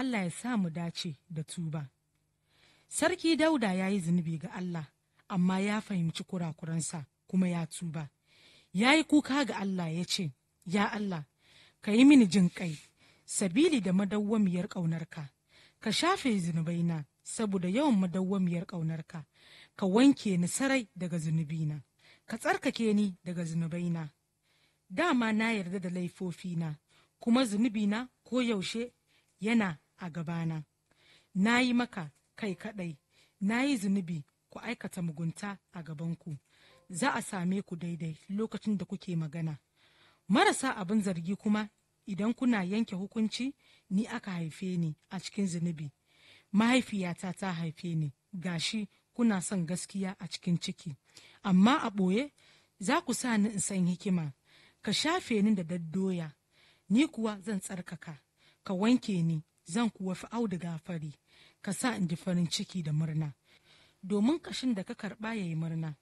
Allah ya sa mu dace da tuba. Sarki Dauda ya yi zunubi ga Allah, amma ya fahimci kurakuransa kuma ya tuba. Ya yi kuka ga Allah ya ce, Ya Allah, ka yi mini jin kai sabili da madawwamiyar ƙaunarka, ka shafe zunubaina saboda yawan madawwamiyar ƙaunarka, ka wanke ni sarai daga zunubina, ka tsarkake ni daga zunubaina. Dama na yarda da laifofina, kuma zunubina ko yaushe yana a gabana na yi maka kai kaɗai na yi zunubi ku aikata mugunta a gabanku za a same ku daidai lokacin da kuke magana marasa abin zargi kuma idan kuna yanke hukunci ni aka haife ni a cikin zunubi mahaifiyata ta haife ni gashi kuna son gaskiya a cikin ciki amma a ɓoye za ku sa ni in san hikima ka shafe ni da daddoya ni kuwa zan tsarkaka ka wanke ni zan kuwa fi auduga fari ka sa in ji farin ciki da murna domin kashin da ka karɓa ya yi murna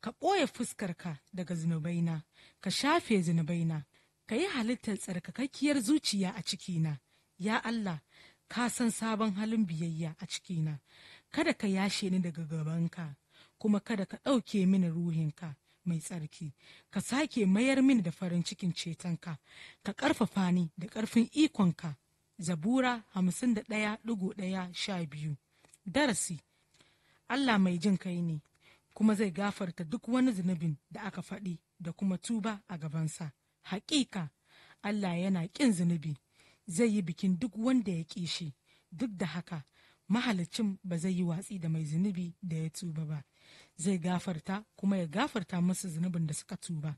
ka ɓoye fuskarka daga zunubaina ka shafe zunubaina ka yi halittar tsarkakakkiyar zuciya a cikina ya Allah ka san sabon halin biyayya a cikina kada ka yashe ni daga gabanka kuma kada ka ɗauke mini ruhinka mai tsarki ka sake mayar mini da farin cikin cetonka ka ƙarfafa ni da ƙarfin ikonka zabura hamsin da ɗaya ɗigo ɗaya sha biyu darasi allah mai jin kai ne kuma zai gafarta duk wani zunubin da aka faɗi da kuma tuba a gabansa hakika allah yana ƙin zunubi zai yi bikin duk wanda ya ƙi shi duk da haka mahalicin ba zai yi watsi da mai zunubi da ya tuba ba zai gafarta kuma ya gafarta musu zunubin da suka tuba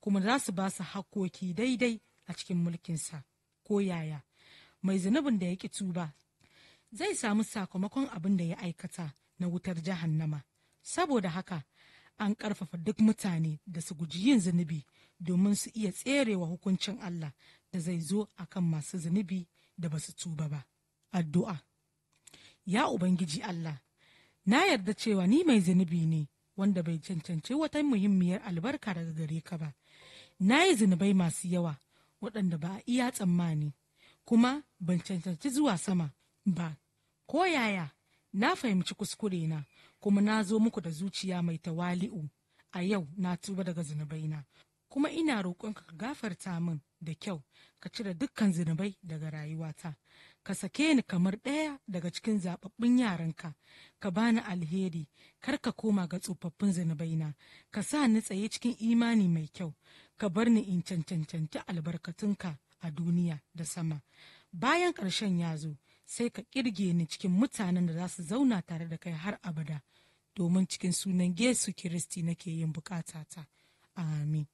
kuma za su ba su hakkoki daidai a cikin mulkinsa ko yaya mai zunubin da ya ki tuba zai samu sakamakon abin da ya aikata na wutar jahannama saboda haka an ƙarfafa duk mutane da su guji yin zunubi domin su iya tserewa hukuncin Allah da zai zo a kan masu zunubi da ba su tuba ba addu'a ya ubangiji Allah na yarda cewa ni mai zunubi ne wanda bai cancanci wata muhimmiyar albarka daga gare ka ba na yi zunubai masu yawa waɗanda ba a iya tsammani kuma ban cancanci zuwa sama ba ko yaya na fahimci kuskure na kuma na zo muku da zuciya mai tawali'u a yau na tuba daga zunubaina kuma ina roƙonka ka gafarta min da kyau ka cire dukkan zunubai daga rayuwata ka sake ni kamar ɗaya daga cikin zaɓaɓɓun yaranka ka bani alheri kar ka koma ga tsofaffin zunubaina ka sa ni tsaye cikin imani mai kyau ka bar ni in cancanci albarkatunka a duniya da sama bayan ƙarshen ya zo sai ka ƙirge ni cikin mutanen da za su zauna tare da kai har abada domin cikin sunan yesu kiristi nake yin bukatata amin